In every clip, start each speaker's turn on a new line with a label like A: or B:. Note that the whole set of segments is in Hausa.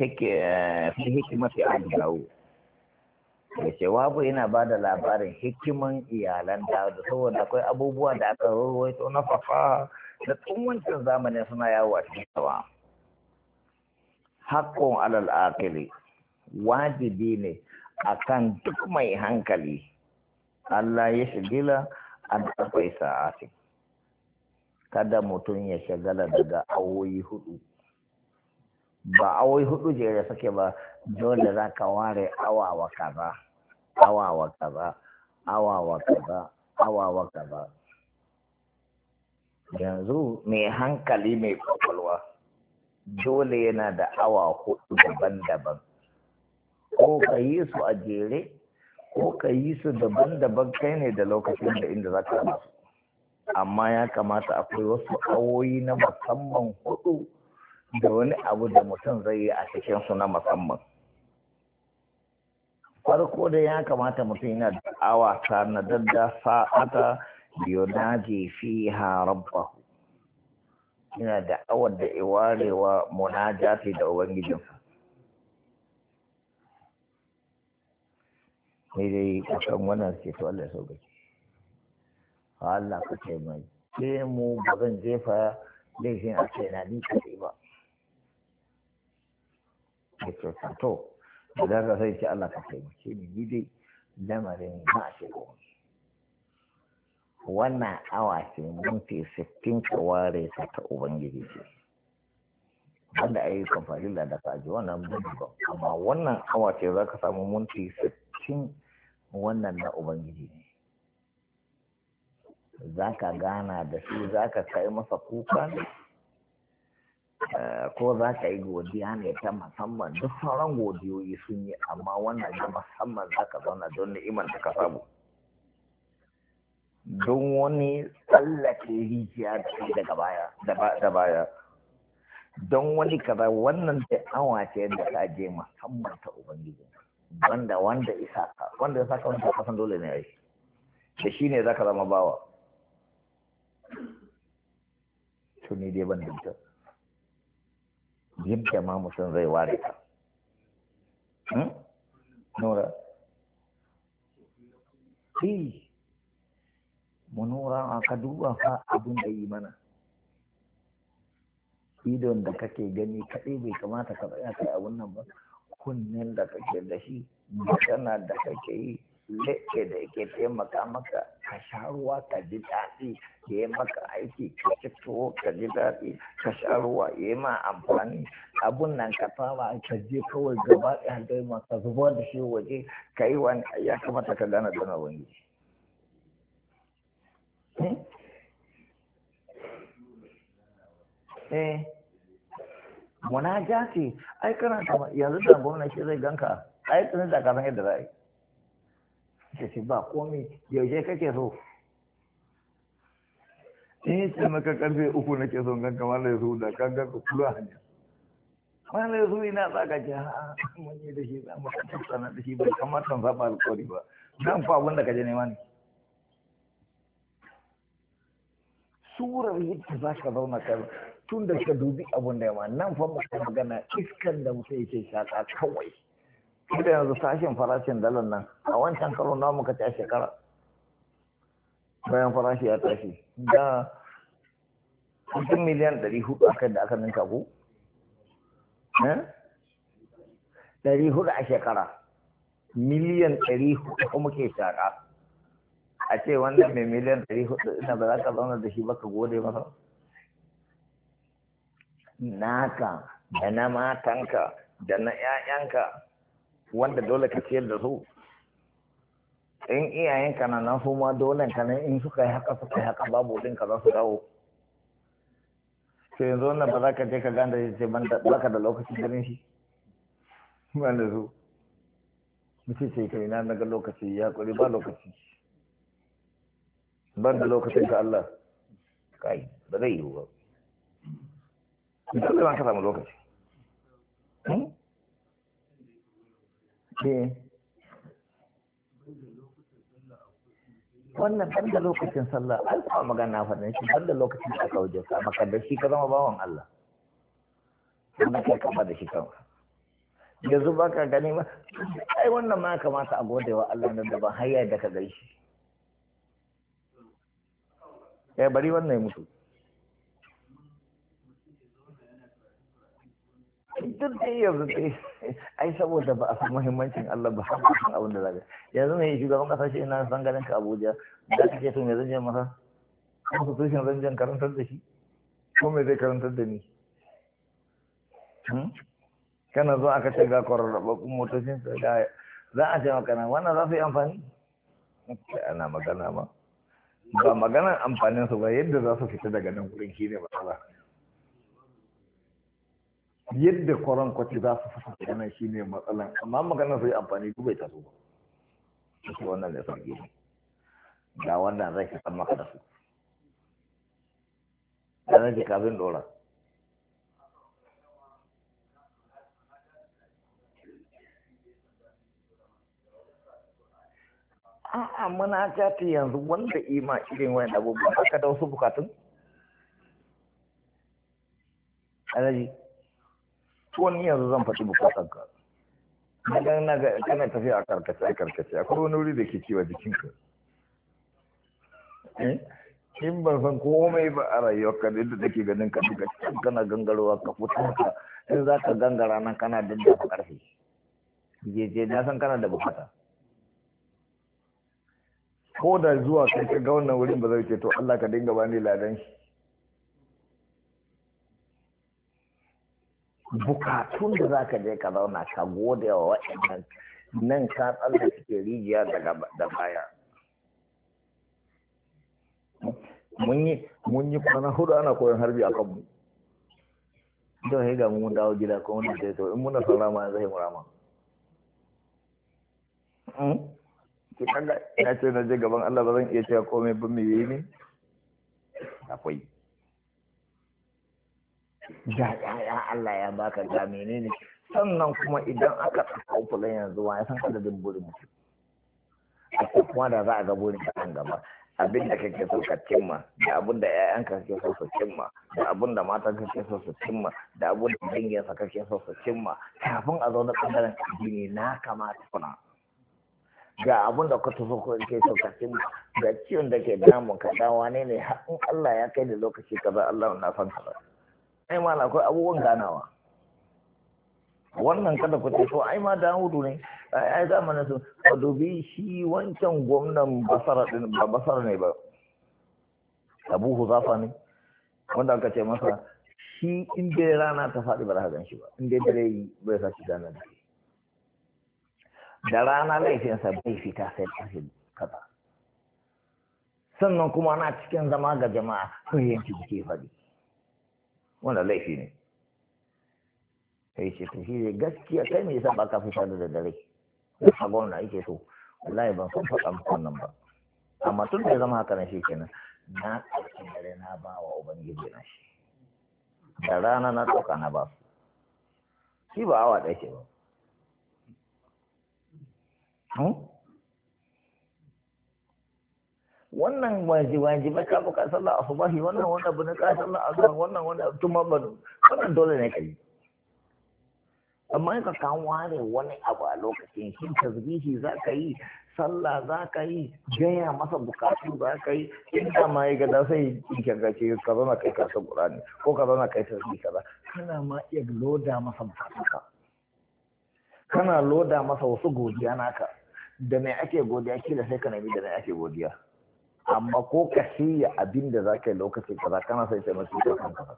A: Eh, fi hikimati an dawo da bu yana ba da labarin hikiman iyalan da saboda akwai abubuwa da aka rawaito na fafa da wancan zamanin suna yawo a cikin sawa hakkon alal akili wajibi ne A kan duk mai hankali Allah ya shigila an tafai sa'ati kada mutum ya shagala daga awoyi hudu ba awai hudu jere sake ba dole za ka ware awawa kaza awawa kaza awawa kaza awawa kaza yanzu mai hankali mai kwakwalwa dole yana da awa hudu daban-daban ko ka yi su a jere ko ka yi su daban-daban kai ne da lokacin da inda za ka amma ya kamata akwai wasu awoyi na musamman hudu da wani abu da mutum zai yi a su na musamman farko da ya kamata mutum yana da awa tanadar da sa'ata yunaji fiha harabba. yana da awar da iwarewa jafi da Ubangijin. sai dai kasan wannan ke to Allah sau gaci Allah ka ce mai ke mu ba zan jefa laifin a ce na ni ba yake to idan ka sai ce Allah ka taimake ni ni dai lamarin ba a shigo wannan awa ce minti sittin ka ware ta ta ubangiji ce wanda a yi kamfani da ka ji wannan ba amma wannan awa ce za ka samu minti sittin wannan na ubangiji ne za ka gana da shi za ka kai masa kukan Eh, ko za ka yi godiya ne ta musamman duk sauran godiyoyi sun yi amma wannan na musamman za ka zauna don ni'imar da ka samu don wani tsallake rijiya daga baya da baya don wani kaza wannan da awa ce da ka je musamman ta ubangiji wanda wanda isa ka wanda isa ka wanda kasan dole ne ai da shi ne za ka zama bawa to ni dai ban da yadda ma mutum zai ware ta. Hmm? nura fi mu nura a ka duba fa abin da yi mana idon da kake gani kaɗai bai kamata ka tsaya kai abun nan ba kunnen da kake da shi kana da kake yi lekke da yake taimaka maka ka sha ruwa ka ji daɗi ka yi maka aiki ka ci tuwo ka ji daɗi ka sha ruwa ya yi ma amfani abun nan ka fara ka je kawai gaba ɗaya dai ma ka zuba da shi waje ka yi wani ya kamata ka gane da nawa ne. Muna eh? eh. munajati ai kana yanzu da gwamnati zai ganka ai tsanin da ka san yadda za yi ce shi ba komi yaushe kake so in ce maka karfe uku nake son ganka malai su da kan ganka kula hanya malai su ina tsaka ce ha mun yi da shi za mu tattauna da shi ba kamata san zaba alƙawari ba dan fa abin da kaje nema ne surar yadda za ka zauna kai tun da ka dubi abin da yawa nan fa mu magana iskan da mutum yake shaƙa kawai da yanzu tashin farashin dalar nan a wancan karo na muka ta shekara bayan farashi ya tashi da kusan miliyan ɗari hudu a kan da aka ninka ko? Eh? ɗari hudu a shekara miliyan ɗari hudu kuma ke shaƙa a ce wannan mai miliyan ɗari hudu ina ba za ka zauna da shi ba ka gode masa naka da na matanka da na 'ya'yanka wanda dole ka ciyar da su in ka na nan su ma dole ka ne in suka yi haka suka yi haka babu din ka za su dawo to yanzu wannan ba za ka je ka ganda shi ce ba ka da lokacin ganin shi ba da su mace ce kai na naga lokaci ya kuri ba lokaci ban da lokacin ka Allah kai ba zai yiwu ba dole ban ka samu lokaci hmm? Eh. wannan ban da lokacin sallah ai kuma magana faɗin shi ban da lokacin da aka wuce ka maka da shi ka zama bawan Allah wannan kai kafa da shi kanka yanzu ba ka gani ba ai wannan ma kamata a gode wa Allah nan da ban hayya da ka gaishe eh, Ya bari wannan ya mutu duk da yanzu dai ai saboda ba a san muhimmancin Allah ba har san abin da zaka yanzu ne shugaban kasa shi ina san ganin ka Abuja da kake to me zan je masa constitution zan je karantar da shi ko me zai karantar da ni hmm? kana zo aka ce ga kwararrabakun motocin ga za a ce magana, wannan za su yi amfani ana magana ma ba maganar amfanin su ba yadda za su fita daga nan gurin shi ne ba yadda koran kwace za su fasa kana shi ne matsalan amma magana su yi amfani dubai ta zo ba shi wannan da sauki ne ga wannan zai san maka da su ɗanar ji kafin ɗora a'a muna jati yanzu wanda ima irin wayan abubuwa aka da wasu bukatun alaji tuwon ni yanzu zan faɗi bukatar ka idan na ga kana tafiya a karkace a karkace kuma wani wuri da ke ciwa jikinka eh? in ban san komai ba a rayuwarka da yadda take ganin ka duka can kana gangarowa ka fito ka in za ka gangara nan kana daddafa karfe jeje na san kana da bukata ko da zuwa kai ka ga wannan wurin ba zai ce to Allah ka dinga bani ladan shi bukatun da za ka je ka zauna ka gode wa waɗannan nan ka tsalla suke rijiya da baya mun yi kwana hudu ana koyon harbi a kanmu don haiga mun dawo gida ko wani sai to in muna son rama zai mu rama hmm? ki kaga ya ce na je gaban Allah ba zan iya cewa komai ba me yi ne akwai ga ya'ya Allah ya baka ga menene sannan kuma idan aka tsakau fulan yanzu wa ya san adadin burin mutu. a kuma da za a ga burin ka an gaba abin da kake so ka cimma da abin da ƴaƴanka kake so su cimma da abin da matan kake so su cimma da abin da danginsa kake so su cimma kafin a zo na ɓangaren addini na kamata kuna ga abin da ka tafi ko kake so ka cimma ga ciwon da ke damun ka dawa ne ne har in Allah ya kai da lokaci kaza Allah na san ka ai ma akwai abubuwan ganawa wannan kada ku tafi ai ma Dawudu ne ai zamanin su ka dubi shi wancan gwamnan basara din ba basara ne ba Abu Huzafa ne wanda aka ce masa shi in dai rana ta faɗi ba za shi ba in dai dare yi bai sa shi gane da da rana laifinsa bai fita sai ta ƙarfi kaza sannan kuma na cikin zama ga jama'a sun yanki da ke faɗi wannan laifi ne sai ce to shi gaskiya kai me yasa baka fita da dare a gwamna yake to wallahi ban san faɗa muku wannan ba amma tun da ya zama haka na shi kenan na ɗauki dare na ba wa ubangiji na shi da rana na ɗauka na ba su shi ba awa ɗaya ce ba hmm? wannan wajibaji ba ka buka sallah asubahi wannan wannan abu na ka sallah azhar wannan wannan tuma ba wannan dole ne kai amma ka kan ware wani abu a lokacin shi tasbihi za ka yi sallah za ka yi jaya masa bukatu za ka yi inda ma ya gada sai kyankace ka zama kai kasa gurani, ko ka zama kai ka ba kana ma iya loda masa ka kana loda masa wasu godiya naka da mai ake godiya kila sai ka nemi da mai ake godiya amma ko ka shirya abin da za ka yi lokaci kaza kana sai sai masu shugaban kanka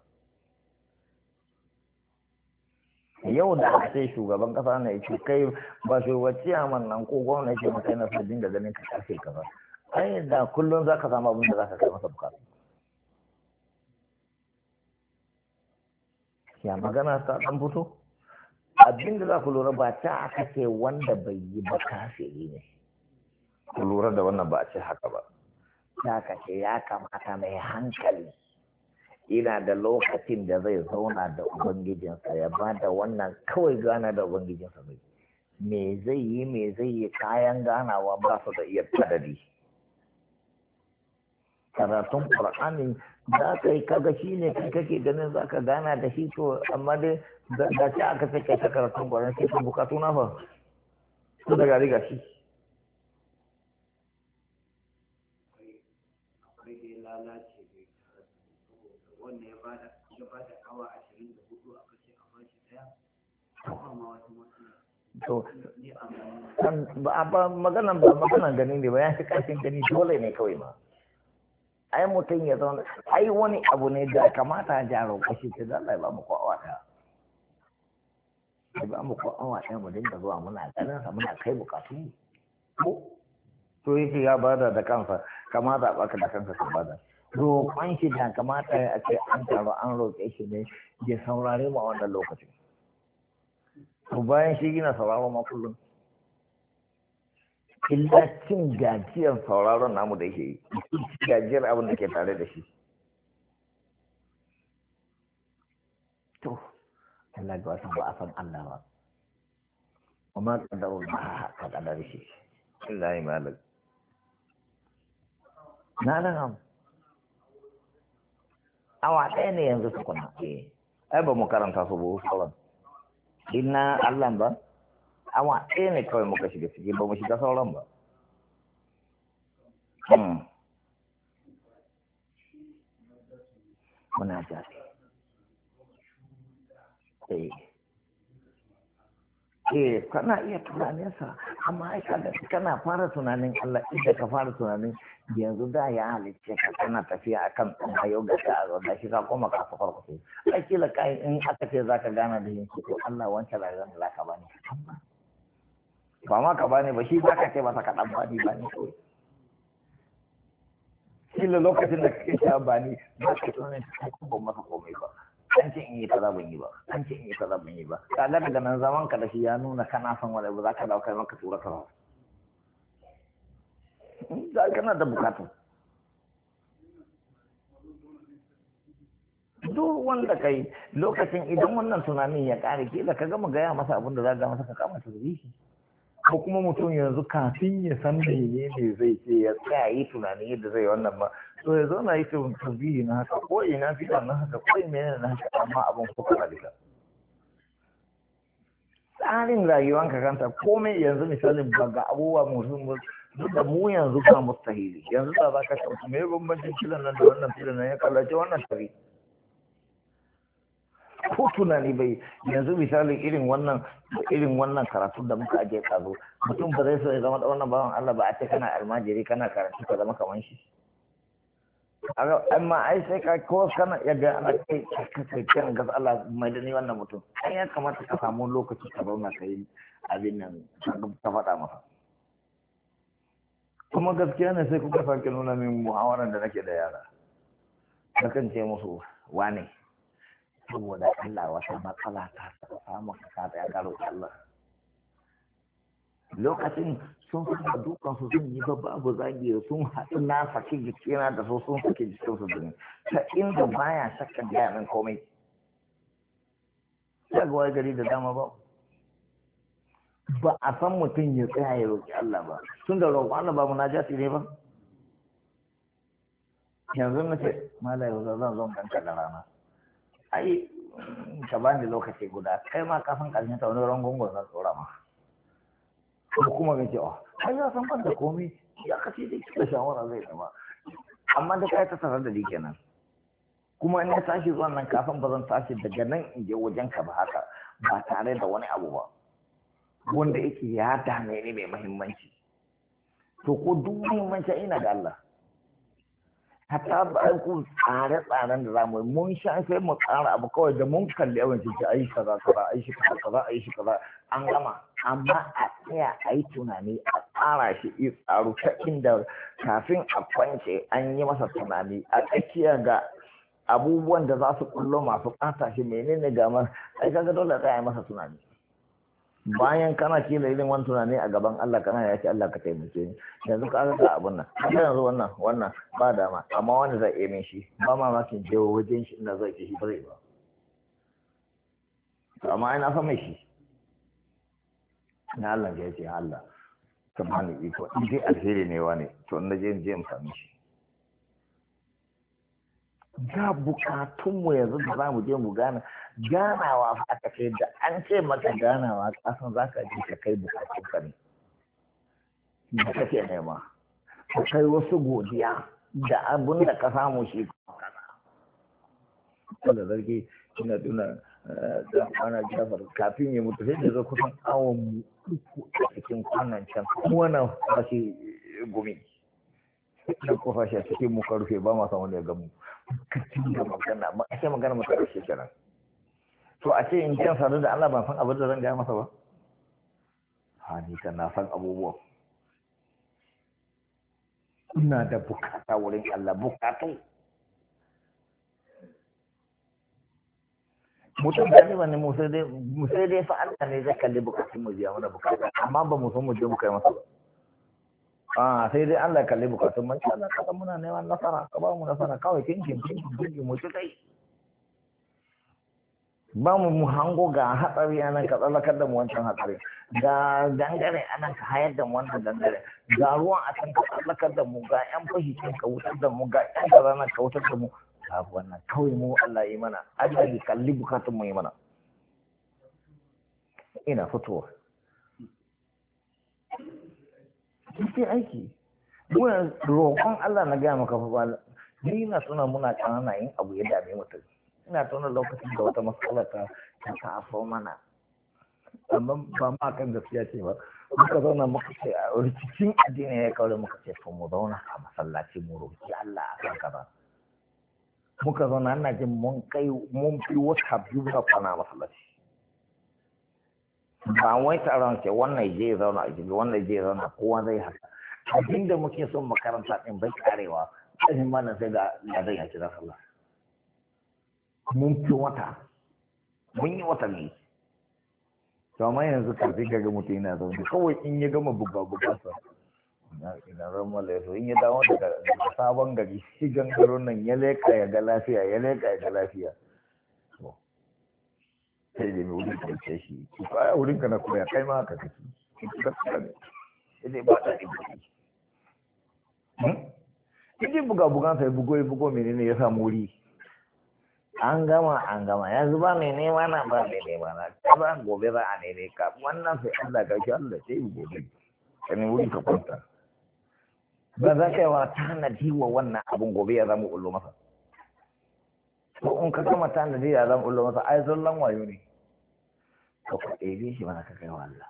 A: yau da a ce shugaban kasa na yake kai ba wacce a nan ko gwamna yake maka na sabbin da ganin ka karfe kaza ai da kullum za ka samu abin da za ka kai masa bukatu ya magana ta dan fito abin da za ku lura ba ta aka ce wanda bai yi ba kafiri ne ku lura da wannan ba a ce haka ba ya kace ya kamata mai hankali ina da lokacin da zai zauna da ubangijinsa ya ba da wannan kawai gana da ubangijinsa mai, me zai yi me zai yi kayan ganawa ba su da iya tadari karatun ƙur'ani za ka yi kaga shi ne kai kake ganin za ka gana da shi to amma dai da ta aka sai kai ta karatun ƙur'ani sai ka bukatu na fa su daga riga shi ta'ala bai wannan ya bada ya bada awa 24 a kashe a bashi daya kuma ma wata matsala to ba maganan ba maganan gani ne ba ya fi kashin gani dole ne kawai ma ai mutum ya zauna ai wani abu ne da kamata a jaro kashi ta zalla ba mu kowa ta ba mu kowa ta mu dinga zuwa muna ganin sa muna kai bukatu ko to yake ya bada da kansa kamata a baka da kansa ka bada roƙon shi da kamata a ce an taru an roƙe shi ne ya saurari wa wannan lokacin to bayan shi gina sauraro ma kullum illa cin gajiyar sauraron namu da yake yi gajiyar abin da ke tare da shi to Allah ga wasan ba a san Allah ba amma kadarun ba ka kadar shi Allah yi malar. na nan awa ɗaya ne yanzu tukuna eh ai ba mu karanta su buhu sauran inna allah ba awa ɗaya ne kawai muka shiga ciki ba mu shiga sauran ba hmm. muna jafi eh. eh kana iya tunaninsa amma ai kana fara tunanin Allah inda ka fara tunanin yanzu da ya halicce ka kana tafiya akan kan yau ga ta a da shi ka koma ka farko ai kila kai in aka ce zaka gana da yin to Allah wancan rayuwar da ka bani ba ma ka bani ba shi ka ce ba ka dan bani ba ne. kila lokacin da kake sha bani ba ka tunanin ka kuma masa komai ba an ce in yi kaza ban yi ba an ce in yi kaza ban yi ba kaga daga nan zaman ka da shi ya nuna kana son wani ba za ka dauka maka tura ka ba za ka na da bukatu duk wanda kai lokacin idan wannan tunanin ya kare da ka gama gaya masa abin da za ga masa ka kama shi ko kuma mutum yanzu kafin ya san mene ne zai ce ya tsaya yi tunanin yadda zai wannan ba to ya zauna yi tasbihi na haka ko ina fiɗa na haka ko ina na haka amma abin kuka ralika tsarin ka kanta komai yanzu misalin ba ga abubuwa mutum duk da mu yanzu ba mu mustahili yanzu ba za ka shauki mai bambancin filan nan da wannan filan nan ya kallace wannan tare ko tunani bai yanzu misalin irin wannan irin wannan karatu da muka aje kazo mutum ba zai so ya zama da wannan bawan Allah ba a ce kana almajiri kana karatu ka zama kamar shi amma ai sai ka ko kana ya ga ana kai ka kai kan ga Allah mai da ni wannan mutum ai ya kamata ka samu lokaci ka zauna yi abin nan ka faɗa masa kuma gaskiya ne sai kuka sake nuna min muhawaran da nake da yara kan ce musu wane saboda Allah wata matsala ta samu ka ta ya karo Allah lokacin sun fara dukan su sun yi babu zagi sun haɗu na saki jikina da su sun saki jikin su dani ta inda baya shakka gaya min komai Ya ga wani gari da dama ba ba a san mutum ya tsaya ya roƙi Allah ba tun da roƙo Allah ba jasi ne ba yanzu na ce malai ba zan zo ganka da rana ai ka bani lokaci guda kai ma kafin ƙarshen ta wani rangon gwazon tsora ma ko kuma ga cewa oh, har ya san ban da komai ya kace da kika shawara zai zama amma da kai ta sanar da ni kenan kuma in ya tashi zuwa nan kafin ba zan tashi daga nan in je wajen ka ba haka ba tare da wani abu ba wanda yake ya dame ni mai muhimmanci to ko duk muhimmanci ina da Allah hatta ba ku tsare-tsaren da zamu mun sha sai mu tsara abu kawai da mun kalli yawan ciki ai kaza kaza ai shi kaza kaza ai shi kaza an gama amma a tsaya a tunani a tsara shi i tsaro ta inda kafin a kwance an yi masa tunani a tsakiya ga abubuwan da za su kullo masu ƙata shi menene gamar ai kaga dole a yi masa tunani bayan kana kila da irin wani tunani a gaban Allah kana ya ce Allah ka taimake ni yanzu ka ga abun nan haka yanzu wannan wannan ba dama amma wani zai iya min shi ba kin je wajen shi ina zai shi bare ba amma ina fa mai shi na Allah ya ce Allah kamar ni ko in dai alheri ne wani to na je in je in sami shi ga bukatunmu yanzu da za mu je mu gana ganawa fa aka ce da an ce maka ganawa kasan za ka ji ka kai bukatunka ne da kake nema ka kai wasu godiya da abin da ka samu shi da zargi ina tuna eh, da ana jafar kafin ya mutu sai da zo kusan awon mu uku a cikin kwanan can wannan fashi eh, gumi na kofa shi a cikin mu rufe ba ma san wanda ya gamu da magana ba a ce magana mu karshe kenan to a ce in kyan sadu da Allah ban san abin da zan gaya masa ba ha ni kan na san abubuwan ina da bukata wurin Allah bukatu mutum da ne wani musai dai fa Allah ne zai kalli bukatun mu biya mana bukata amma ba mu san mu je mu kai masa ba Ah, sai dai Allah kalli bukatun man Allah kada muna neman nasara ka ba mu nasara kawai kinkin kinkin kinkin mu kai ba mu mu hango ga hatsari anan ka tsallakar da mu wancan hatsari ga dangare anan ka hayar da mu wannan dangare ga ruwan a can ka tsallakar da mu ga yan fashi can ka wutar da mu ga yan kaza nan ka wutar da mu babu wannan kawai mu Allah yi mana Allah kalli bukatun mu yi mana ina fitowa sai aiki muna roƙon Allah na gaya maka ba ni na tuna muna kanana yin abu ya dame mutum ina tuna lokacin da wata matsala ta ta afo mana amma ba ma kan gaskiya ce ba muka zauna muka ce a rikicin addini ya kaure muka ce to mu zauna a masallaci mu roƙi Allah a kan kaza muka zauna ana jin mun kai mun fi wata biyu na kwana masallaci ba wai taron ce wannan je zauna a jibi wannan je zauna kowa zai haka abin da muke son makaranta din bai karewa ɗanin mana sai ga ladan ya kira sallah mun fi wata mun yi wata ne to amma yanzu kafin ka ga mutum yana zaune kawai in ya gama bugga bugga sa ina zan mala ya in ya dawo daga sabon gari shi gangaron nan ya leka ya ga lafiya ya leka ya ga lafiya sai da mai wurin kwanciya shi ki kwaya wurin ka na koya kai ma haka kake ne ba ta ibu Idin hmm? buga-bugan sai bugo ya bugo menene ya samu wuri. An gama an gama yanzu ba mai nema na ba mai nema na ba gobe ba a nene ka wannan sai Allah ka shi Allah sai gobe. Ka ne wuri ka kwanta. Ba za ka yi wa tanadi wa wannan abun gobe ya zama ullo masa. to in ka gama tanadi ya zan ulo masa ai zallan wayo ne ka kwaɗe shi mana ka kai wa Allah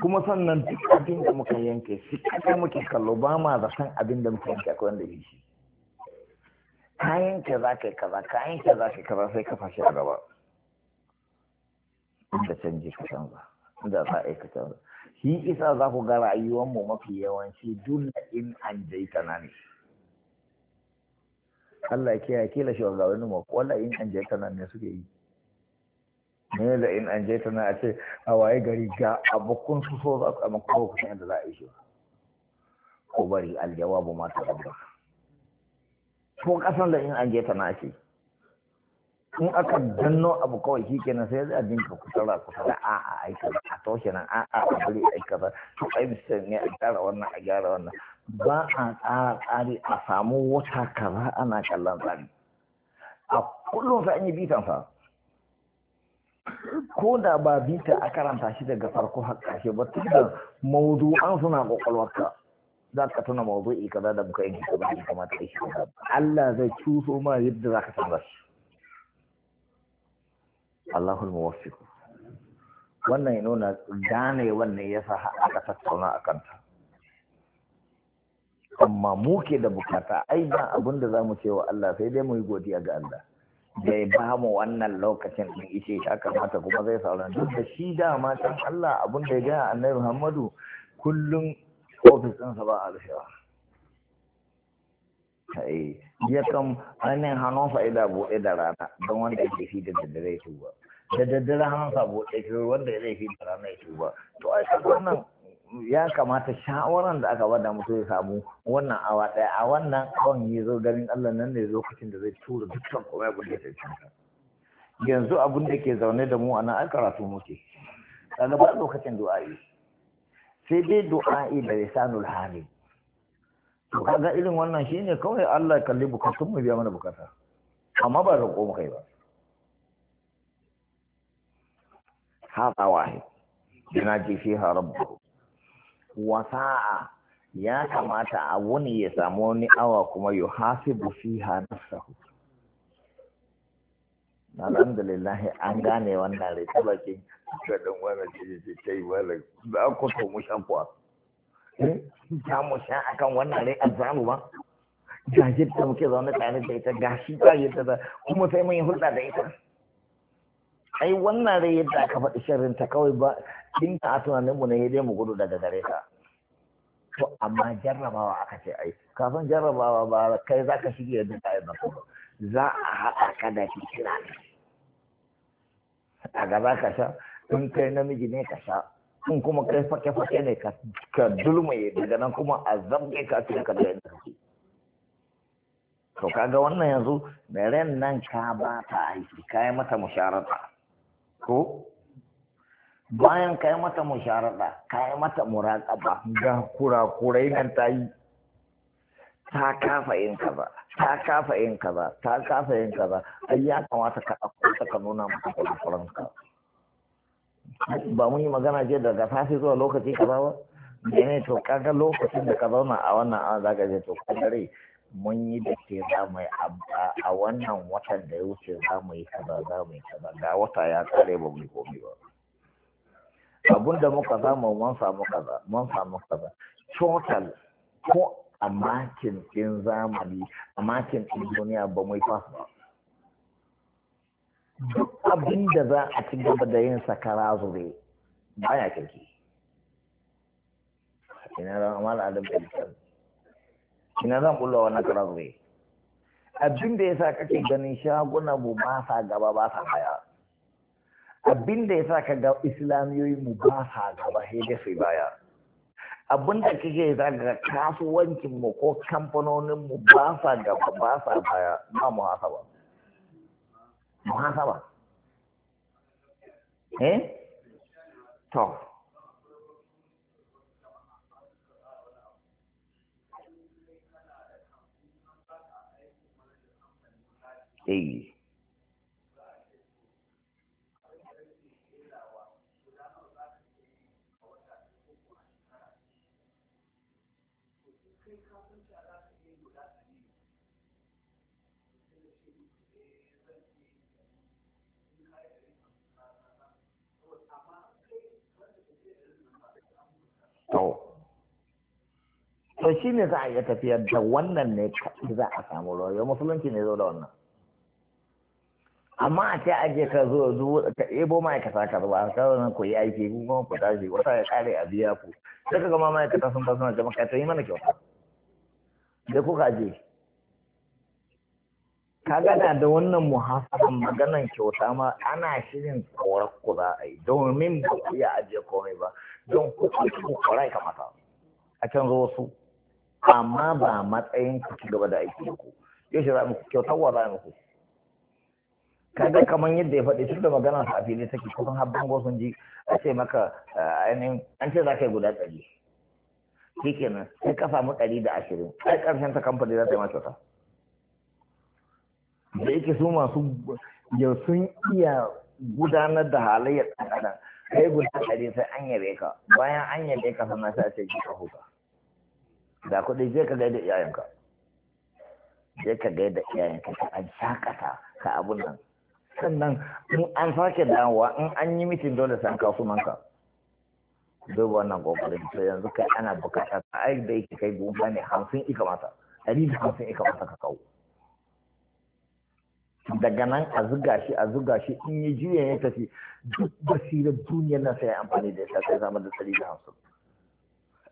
A: kuma sannan duk abin da muka yanke shi kada muke kallo ba ma da san abin da muka yanke akwai wanda yi shi ka yanke za ka yi kaza ka yanke za ka yi kaza sai ka fashe a gaba inda canji ka canza inda za a yi ka canza shi isa za ku ga rayuwar mafi yawanci dole in an jai ta na ne Allah ya kila shi wanga wani mako wallahi in an je ta nan ne suke yi ne da in an je ta nan a ce a waye gari ga abokan su so za su amma ko ku san da za a yi shi ko bari aljawabu ma ta rabu ko kasan da in an je ta nan ce in aka danno abu kawai shi kenan sai a dinka kusura kusura a a aika a toshe nan a a a bari aika ba to ai misalin ne a gyara wannan a gyara wannan ba a tsara tsari a samu wata kaza ana kallon tsari a kullum sa an yi bitan sa ko da ba bita a karanta shi daga farko har ƙarshe ba tun da mawdu'an suna ƙwaƙwalwarka za ka tuna mawdu'i kaza da muka yanke kuma ya kamata ka shi Allah zai cuso ma yadda za ka sanar. shi Allahul muwaffiq wannan ya nuna gane wannan yasa aka tattauna a kanta amma mu ke da bukata ai ba abin da za mu ce wa Allah sai dai mu yi godiya ga Allah da ya ba mu wannan lokacin din ishe ya kamata kuma zai sauran duk da shi da matan Allah abin da ya gaya annabi Muhammadu kullum ofis ɗinsa ba a kai ya kan hanon fa fa'ida buɗe da rana don wanda yake fi da daddare ba da daddare hanon sa buɗe wanda yake fi da rana ba to ai wannan ya kamata shawaran da aka bada mutu ya samu wannan awa ɗaya a wannan awan yi zo ganin Allah nan ne lokacin da zai tura dukkan kuma ya bude sai yanzu abun da ke zaune da mu a nan rasu muke daga ba lokacin du'a'i sai dai du'a'i da sanu hali to kaga irin wannan shine kawai Allah ya kalli bukatun mu biya mana bukata amma ba roƙo mu kai ba hada wahid bima ji rabbuhu wasa'a ya kamata a wuni ya samu wani awa kuma yi hasibu fiha Na alhamdulillah an gane wannan rai ta bakin kadan wani ce ta yi wani da aka so mu shan kuwa ta eh, mu sha akan wannan rai an zamu ba gashi ta muke zaune tare da ita gashi ta yi ta kuma sai mun yi hulɗa da ita ai wannan rai yadda aka faɗi sharrin ta kawai ba din a tunanin mu ne dai mu gudu daga gare ta to amma jarrabawa aka ce ai kafin jarrabawa ba kai za ka shige da yi ba za a haɗa ka da shi kira a gaba ka sha in kai namiji ne ka sha in kuma kai fake-fake ne ka dulmaye daga nan kuma a zamge ka cikin ka da to kaga wannan yanzu da nan ka ba ta aiki ka yi mata musharata ko bayan kai mata musharaɗa kai mata ba. ga kurakurai nan ta yi ta kafa yin kaza ta kafa yin kaza ta kafa yin kaza ai ya kamata ka ɗauko ta ka nuna mata kurakuran ka ba mun yi magana jiya daga safe zuwa lokaci ka ba ba? ne to kaga lokacin da ka zauna a wannan an zaka je to dare mun yi da ke za mu yi a wannan watan da ya wuce za mu yi kaza za mu yi kaza ga wata ya kare ba mu yi komai ba abun da muka zama mun samu kaza mun samu kaza total ko a makin ɗin zamani a makin ɗin duniya ba mu yi fasa ba duk abin da za a ci gaba da yin sakara zube ba ya kirki ina da amala adam ɗin ina zan bulla wannan kara zube abin da ya sa kake ganin shaguna mu ba sa gaba ba sa haya abin da ya sa ka ga islamiyoyi mu ba sa gaba sai da sai baya abin da kake za ga kasuwancin mu ko kamfanonin mu ba sa gaba ba sa baya ba mu muhasaba ba eh to eh to to shi ne za a iya tafiyar da wannan ne kaɗai za a samu rayuwa musulunci ne zo da wannan amma a ce aje ka zo zuwa ka ebo ma'aikata ka zuwa ka zo nan ku yi aiki kun kuma ku tashi wata ya kare a biya ku sai ka gama ma'aikata sun ba suna jama'a ta yi mana kyau. da kuka je ka gana da wannan muhasaban maganan kyauta ma ana shirin tsoron ku za a yi domin ba ku iya ajiye komai ba don hukuncin kwarai kamata a can zo wasu amma ba matsayin ku ci gaba da aiki ku yau shi za mu kyautar wa za mu ku kaga kamar yadda ya faɗi tun da magana sa a fili take kusan har bango sun ji a ce maka ainihin an ce za ka yi guda ɗari shi kenan sai ka samu ɗari da ashirin ai ƙarshen ta kamfani za ta yi ma kyauta da yake su masu yau sun iya gudanar da halayyar ɗan adam kai guda ɗari sai an yabe ka bayan an yabe ka sannan sai a ce ka huka da kuɗi je ka gaida iyayenka je ka gaida iyayenka ka an shakata ka abun nan sannan in an sake dawowa in an yi mitin dole san ka sunanka duba wannan kokarin to yanzu kai ana bukata ai da yake kai gumba ne hamsin ika mata ɗari da hamsin ika mata ka kawo daga nan a zuga shi a zuga shi in yi juya ya tafi duk basirar duniyar na sai amfani da ita sai zama da tsari da hamsin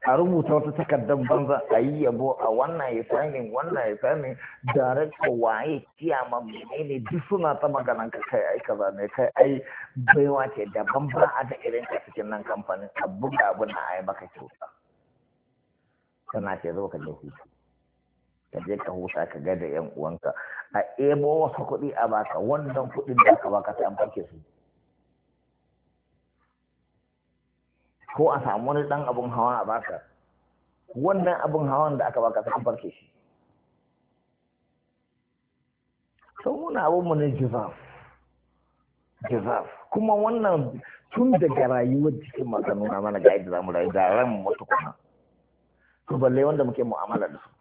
A: a rubuta wata takardar banza a yi yabo a wannan ya sami wannan ya sami darakta waye kiyama menene duk suna ta maganan ka kai ai kaza ne kai ai baiwa ce daban ba a da irin ka cikin nan kamfanin a buga abin a ai maka kyauta tana ce zo ka je hutu ka je ka huta ka ga da yan uwanka a ebo wasu kuɗi a baka wannan kuɗin da aka baka sai an farke su ko a samu wani ɗan abin hawa a baka wannan abin hawan da aka baka sai an farke shi to muna abin mu ne jizaf jizaf kuma wannan tun daga rayuwar jikin masu nuna mana ga yadda za mu rayu da ran mutu to balle wanda muke mu'amala da su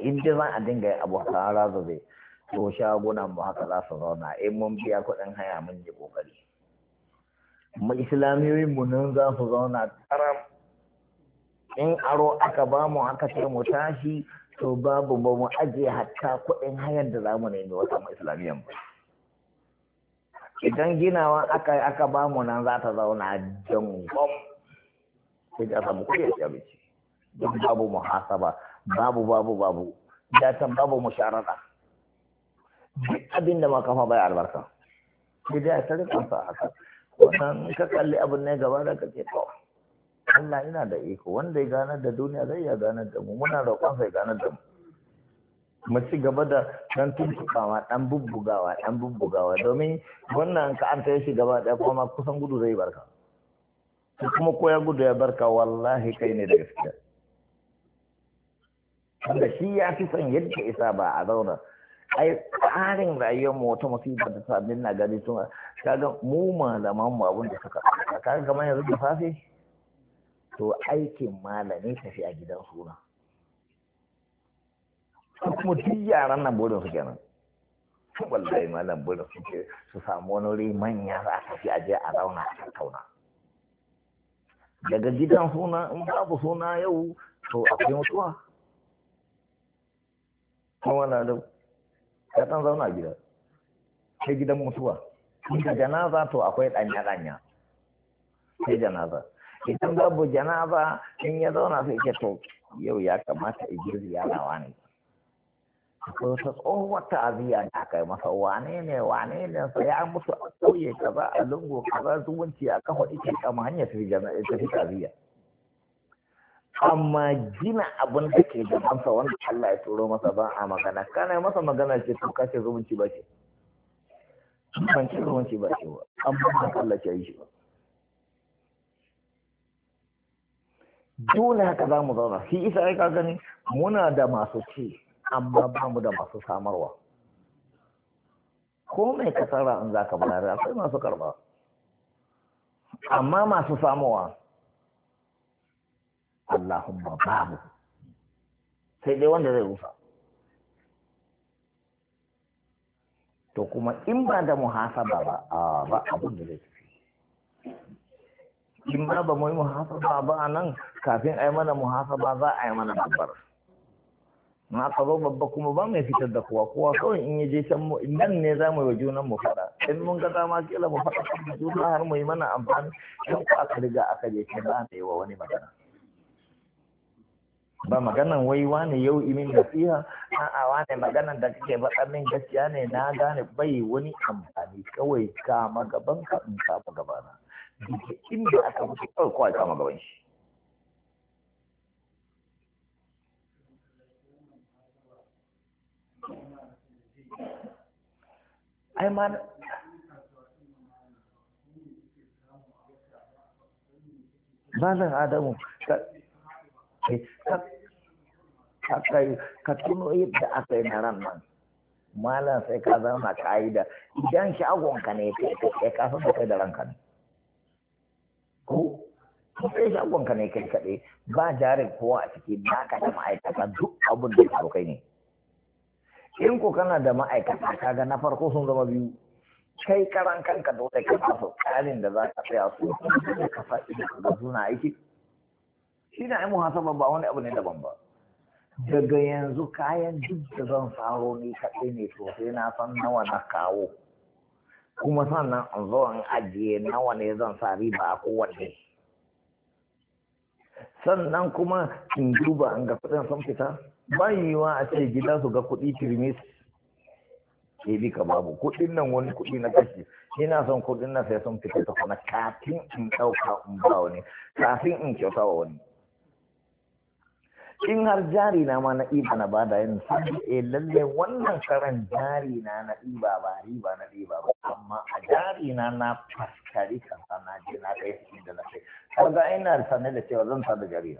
A: in za a dinga yin abu kara zube to shagunan mu haka za su zauna in mun biya kuɗin haya mun yi ƙoƙari mu islamiyoyin mu nan za su zauna karam in aro aka ba mu aka ce mu tashi to babu ba mu ajiye hatta kuɗin hayan da za mu nemi wata mu islamiyan ba idan ginawa aka aka ba mu nan za ta zauna jangon sai ta samu kuɗi a abinci don babu muhasaba babu babu babu da ta babu musharada duk abin da ma bai albarka sai dai ta haka wannan ka kalli abin ne gaba da kake to Allah ina da iko wanda ya gane da duniya zai ya ganar da mu muna roƙon sai gane da mu mu ci gaba da dan tuntukawa dan bubbugawa dan bubbugawa domin wannan ka an tayi shi gaba da kuma kusan gudu zai barka kuma ko ya gudu ya barka wallahi kai ne da gaskiya wanda shi ya fi son yadda isa ba a zauna ai tsarin rayuwar mu wata musiba ta sabbin na gari tun kaga mu malaman mu abin da suka kaga kamar yanzu da safe to aikin malami tafi a gidan suna kuma duk yaran nan burin su kenan wallahi malam burin su ke su samu wani wuri manya za a tafi a je a zauna a tattauna daga gidan suna in babu suna yau to akwai mutuwa hawa na da ya ɗan zauna gida sai gidan mutuwa inda janaza to akwai ɗanya-ɗanya sai janaza idan babu janaza in ya zauna sai ke to yau ya kamata in je ziyara wani akwai wata aziya ta'aziyya da aka yi masa wane ne wane ne sai ya mutu a ƙauye kaza a lungu kaza zumunci a kafa ike kama hanyar tafi aziya. amma gina abin da ke da amsa wanda Allah ya turo masa ba a magana kana masa magana ce to kace zumunci ba ce ban ce zumunci ba ce ba amma ba Allah ya yi shi ba dole haka za mu zauna shi isa ya ka gani muna da masu ci amma ba mu da masu samarwa ko mai kasara in za ka bayar akwai masu karba amma masu samowa Allahumma babu sai dai wanda zai rufa to kuma in ba da muhasaba ba ba abin da zai tafi in ba ba mai muhasaba ba a nan kafin a yi mana muhasaba za a yi mana babbar na tsaro babba kuma ba mai fitar da kowa kowa kawai in yi jishen can mu nan ne za mu yi wa junan mu fada in mun ga dama kila mu fada kan juna har mu yi mana amfani in ku aka riga aka je can ba a yi wa wani magana ba maganan wai wane yau imin nasiha a'a wane maganan da kake faɗa min gaskiya ne na gane bai wani amfani kawai kama gaban ka in kama gabana duk inda aka mutu kawai kama gaban shi ai ma malam adamu eh, ka tuno yadda aka yi na ran nan malam sai ka zama ka Idan da idan ne kai ka san kai da ranka ne ko sai ka ne kai kaɗai ba jarin kowa a ciki ba da ma'aikata duk abin da ya kai ne in ko kana da ma'aikata kaga na farko sun zama biyu kai karan kanka dole ka kafa tsarin da za ka tsaya su ka faɗi da suna aiki shi na yi muhasaba ba wani abu ne daban ba daga yanzu kayan duk da zan faro ni kaɗai ne sosai na san nawa na kawo kuma sannan in zo in ajiye nawa ne zan sa riba a kowanne sannan kuma in duba in ga kuɗin sun fita ban yiwa a ce gida su ga kuɗi firmis ke bi ka babu kuɗin nan wani kuɗi na kashi ina son kuɗin nan sai sun fita ta kuma kafin in ɗauka in ba wani kafin in kyauta wa wani in har jari na ma na iba na bada yin e eh, lalle wannan karan jari na na iba ba riba na iba ba amma a jari na na faskari kansa na je na kai su da na kai har ga ina sane da cewa zan sa da jari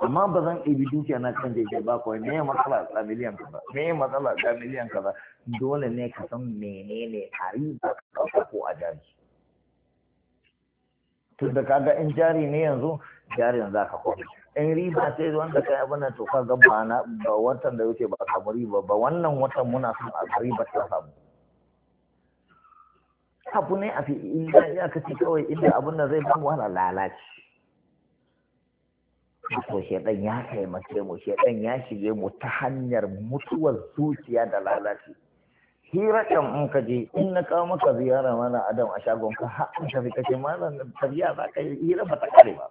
A: amma ba zan ibi dukiya na kan jirgin ba kawai me matsala ga miliyan kaza me matsala ga miliyan kaza dole ne ka san menene a riba ko a jari tun da kaga in jari ne yanzu jari za ka kwamfi in riba ce wanda kai abin da ka ga ba na ba watan da wuce ba samu riba ba wannan watan muna son a riba ta samu abu ne a fi iya kace kawai inda abin da zai bamu wani lalaci to dan ya taimake mu shedan ya shige mu ta hanyar mutuwar zuciya da lalaci hira kan in ka je in na kawo maka ziyara mana adam a shagon ka har ka tafi kace malam tafiya za ka yi hira ba ta kare ba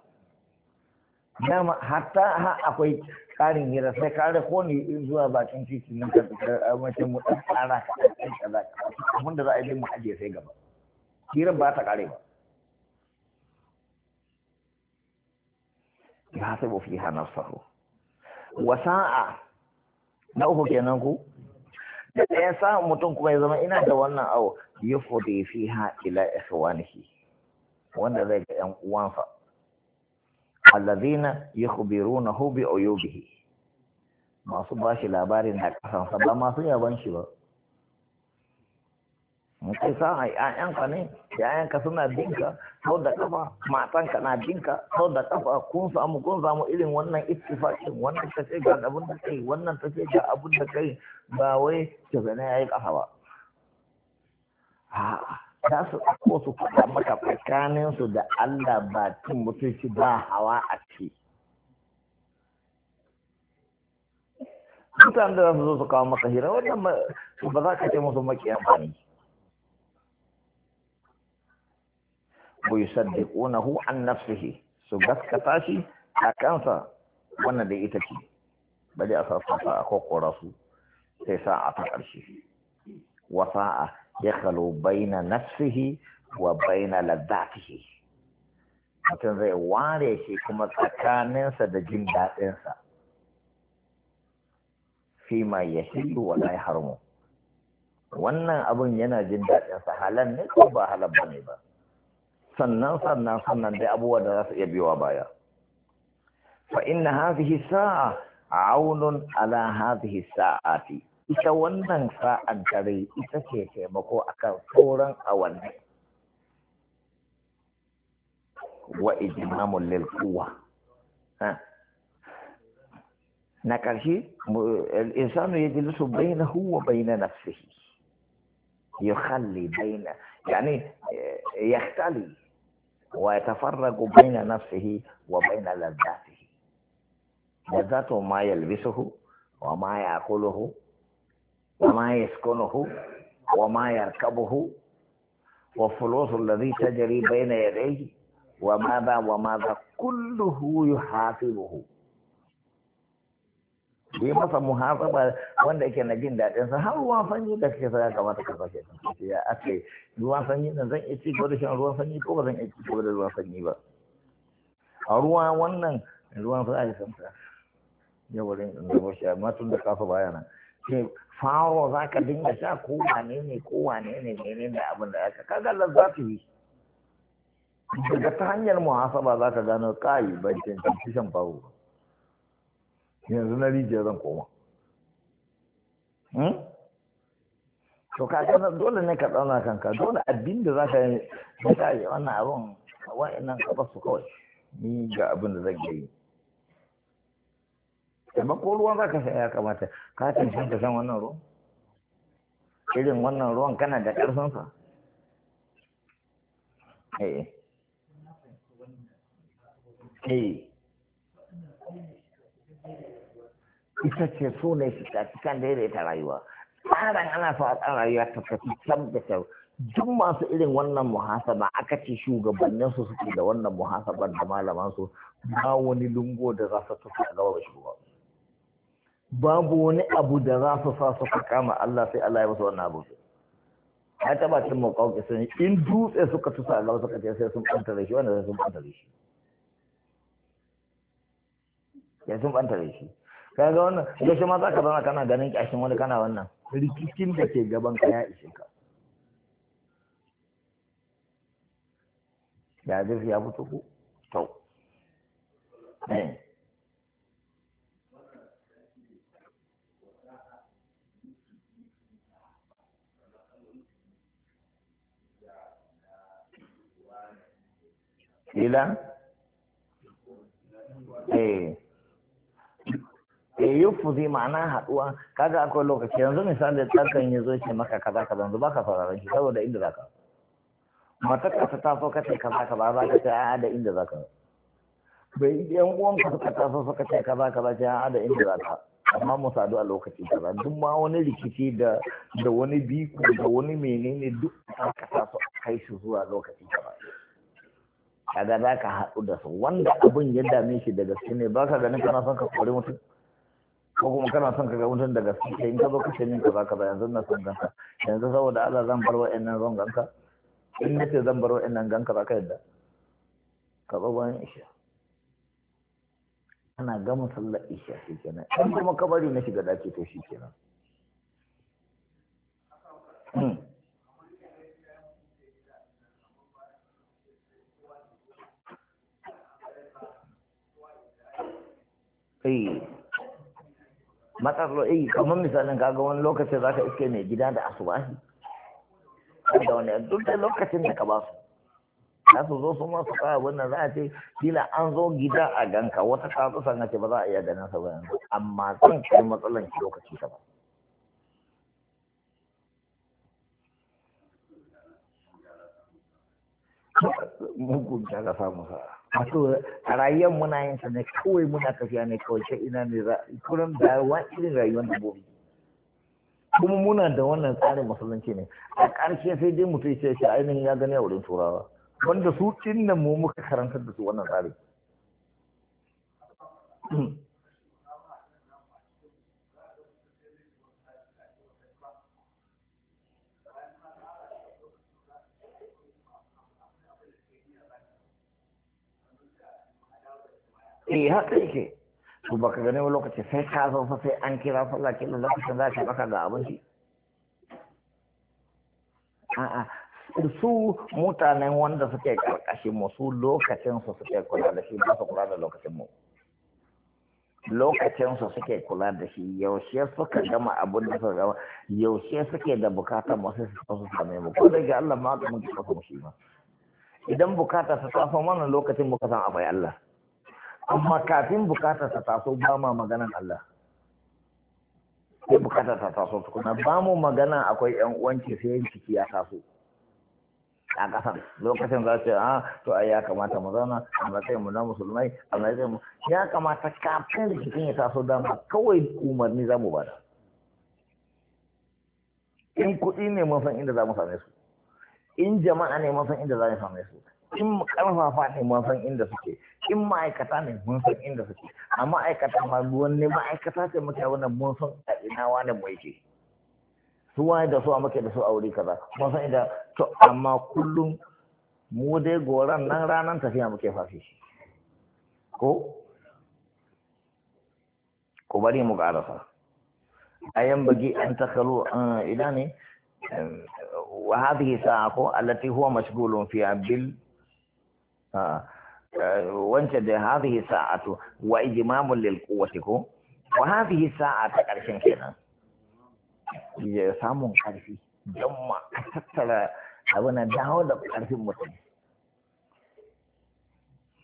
A: dama hatta ha akwai karin hira sai ka da ko ne zuwa bakin titi nan ka wajen mu dan tsara kan kaza abin da za a yi mu aje sai gaba hira ba ta kare ba ya sabu fiha sahu wa sa'a na uku kenan ku da ya sa mutum kuma ya zama ina da wannan awo yufudi fiha ila ikhwanihi wanda zai ga yan uwansa alladhina yukhbirunahu bi uyubihi masu ba shi labarin na kasan ba masu yaban shi ba in kai sa ka ne ka suna dinka sau da kafa ka na dinka sau da kafa kun samu kun samu irin wannan ittifaqin wannan ta ce ga abun da kai wannan ta ce ga abun da kai ba wai ta zane yayi kafa ba a'a za su ɗauko su faɗa maka tsakaninsu da Allah ba cin mutunci ba hawa a ce. Mutanen da za su zo su kawo maka hira wannan ba za ka ce musu makiyan ba ne. Bu yi hu an nafsihi su gaskata shi a kansa wannan da ita ce. Bari a sassa a kokora su sai sa a ta ƙarshe. wasa'a ya kalo baina nafsihi wa baina ladzatihi mutum zai ware shi kuma tsakaninsa da jin daɗinsa Fima ya hillu wa la harmu wannan abun yana jin daɗinsa halan ne ko ba halan ba ne ba sannan sannan sannan dai abubuwa da za su iya biyowa baya fa inna hadhihi sa'a aunun ala hadhihi sa'ati ita wannan sa'an dare ita ce taimako akan sauran awanni wa ijmamun lil quwwa na ƙarshe insanu ya jilisu baina huwa bayna nafsihi ya khalli baina yani ya khtali wa ya tafarragu baina nafsihi wa bayna lazzatihi lazzatu ma yalbisuhu wa ma yaquluhu وما يسكنه وما يركبه وفلوس الذي تجري بين يديه وماذا وماذا كله يحاسبه في مصا محاسبة وانا كنا جين دادين سهل وانفاني دا كيسا كما تكسا يا أكي وانفاني نزين اتي كورشان وانفاني كورشان اتي كورشان وانفاني با أروا وانن وانفاني سمسا يا ولين نبوشا ما تندقى صبايا نبوشا ke faro za ka dinga sha ko wane ne ko wane ne ne da abin da aka kaga yi daga ta hanyar muhasaba za ka gano kai ban cancanci shan faro yanzu na rijiya zan koma hmm? to ka kana dole ne ka tsana kanka dole abin da za ka yi ka wannan abin wa'annan ka basu kawai ni ga abin da zan yi amma ruwan za ka saya ya kamata ka cancanta san wannan ruwan irin wannan ruwan kana da ƙarfinsa eh eh ita ce so ne shiga cikin daidaita rayuwa tsarin ana so a tsarin rayuwa ta tafi can da can duk masu irin wannan muhasaba aka ce shugabannin su suke da wannan muhasabar da malaman su ba wani lungo da za su tafi a gaba da shugaba babu wani abu da za su sa suka kama Allah sai Allah ya musu wannan abu ya taba cin makawai sun in dutse suka tusa a gaba suka ce sai sun da shi wanda sai sun da shi ya sun da shi ga wannan ya shi ma za ka zama kana ganin kyashin wani kana wannan rikicin da ke gaban ka ya ishe ka ya zai ya fito ku tau eh. ila eh eh fuzi ma'ana haduwa kaga akwai lokaci yanzu misali tsakan ya zo ce maka kaza kaza yanzu baka sauraron shi saboda inda zaka mata ka ta so kace kaza kaza ba ka ce a da inda zaka bai yan uwan ka ta taso ka ce kaza kaza ce a da inda zaka amma mu sadu a lokaci kaza duk ma wani rikici da da wani biku da wani menene duk ka taso kai shi zuwa lokaci kaza kaga za ka haɗu da su wanda abin ya dame shi da gaske ne ba ka ganin kana son ka kori mutum ko kuma kana son ka ga mutum da gaske sai in ka zo kashe min ka za ka ba yanzu na son ganka yanzu saboda Allah zan bar wa'annan zan ganka in na ce zan bar wa'annan ganka za ka yadda ka zo bayan isha ana gama sallar isha shi kenan in kuma kabari na shiga daki to shi kenan hmm. a matsalo kamar misalin kaga wani lokacin zaka iske mai gida da asubahi da wani duk da lokacin da ka ba su za su zo su ma su wannan za a ce kila an zo gida a ganka wata ka zo san ce ba za a iya ganin sa ba amma zan kai matsalan ki lokaci ka ba mugun ta ga samu sa'a masu rayuwar muna yin sa ne kawai muna tafiya ne kawai sai ina ne kuran da wa irin rayuwar dabbobi kuma muna da wannan tsarin musulunci ne a ƙarshe sai dai mutum ce ce ainihin ya gani a wurin turawa wanda su ɗin mu muka karantar da su wannan tsarin eh haka yake to baka gane wani lokaci sai ka zo fa sai an kira sallah kila lokacin da ka baka ga abinci Ha-a, su mutanen wanda suke karkashin mu su lokacin su suke kula da shi ba su kula da lokacin mu lokacin su suke kula da shi yaushe suka gama abin da suka gama yaushe suke da bukatar masu su su same mu ko da ga Allah ma ka mun kafa mu shi ma idan bukata ta tafi mana lokacin muka san abai Allah amma kafin bukatar ta taso ba ma maganan Allah sai bukatar ta taso tukuna ba mu magana akwai yan uwanci sai yan ciki ya taso a ƙasan lokacin za su a ah, to ai ya kamata mu zauna a matsayin mu na musulmai a matsayin mu ya kamata kafin cikin ya taso dama kawai umarni za mu bada in kuɗi ne mun san inda za mu same su in jama'a ne mun san inda za mu same su in mu karfafa ne mun san inda suke in ma'aikata ne mun san inda suke a ma'aikata ma wanne ma'aikata ce muke wannan mun san a ina wani mu yake su wani da su a muke da su a wuri kaza mun san inda to amma kullum mu dai goran nan ranar tafiya muke fafi ko ko bari mu karasa ayan bagi an takhalu ila ne sa'a ko allati huwa mashghulun فيها bil. wancan da hadhihi sa'atu wa ijmamun lil quwwati ko wa hadhihi sa'ata karshen kenan ya samun karfi jamma a tattara abu na dawo da karfin mutum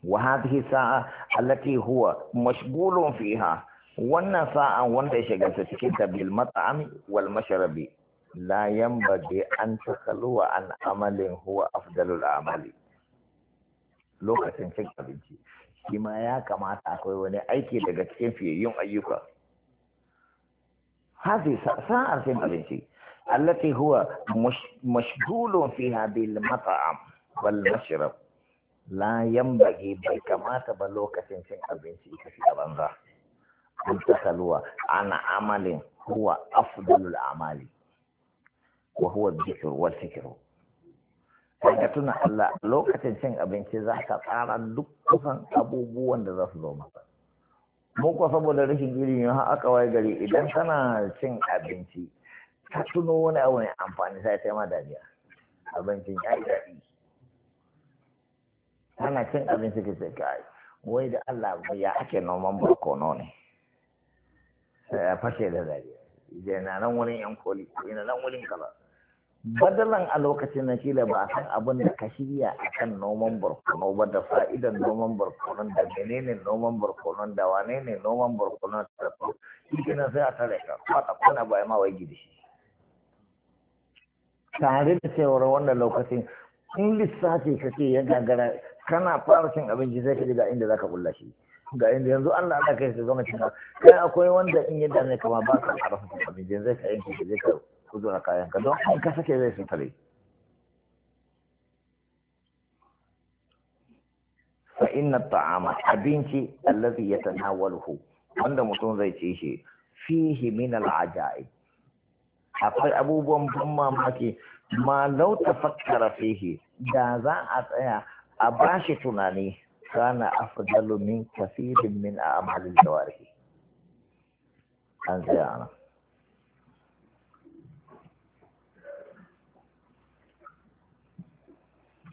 A: wa hadhihi sa'a allati huwa mashghulun fiha wannan sa'a wanda ya shagalta cikin ta bil mat'ami wal mashrabi la yanbaghi an takhaluwa an amalin huwa afdalul amali lokacin cin abinci shi ma ya kamata akwai wani aiki daga cikin fiyayyun ayyuka hafi sa'ar cin abinci allati huwa mashghulun fiha bil mat'am wal mashrab la yambagi bai kamata ba lokacin cin abinci kashi a banza an takaluwa ana amalin huwa afdalul amali wa huwa dhikr wal sai ka tuna Allah lokacin cin abinci za ka tsara duk kusan abubuwan da za su zo masa. mu saboda rashin ilimi ha aka waye gari idan kana cin abinci ka tuno wani abu ne amfani sai sai ma dariya abincin ya yi daɗi kana cin abinci ka ce yi. wai da Allah ya ake noman barkono ne sai ya fashe da dariya Ina na nan wani yan koli ina nan wani kala? badalan a lokacin na kila ba a san abin da ka shirya a kan noman barkono ba da fa'idan noman barkonon da menene noman barkonon da wane ne noman barkonon da tafi shi sai a tare ka kwata kwana ba ya ma wai gidi tare da cewar wannan lokacin in lissafi ce ya gagara kana fara cin abinci sai ka ji ga inda zaka kulla shi ga inda yanzu Allah Allah kai ka zama cin kai akwai wanda in yadda ne kama ba ka karfafa abinci zai ka yanke zai ka kudura kayanka don an ka sake zai sun tare fa inna ta'ama abinci allazi yatanawaluhu wanda mutum zai ci shi fihi min al'ajaib akwai abubuwan ban mamaki ma lau tafakkara fihi da za a tsaya a bashi tunani kana afdalu min kafirin min a'malil jawarihi an tsaya ana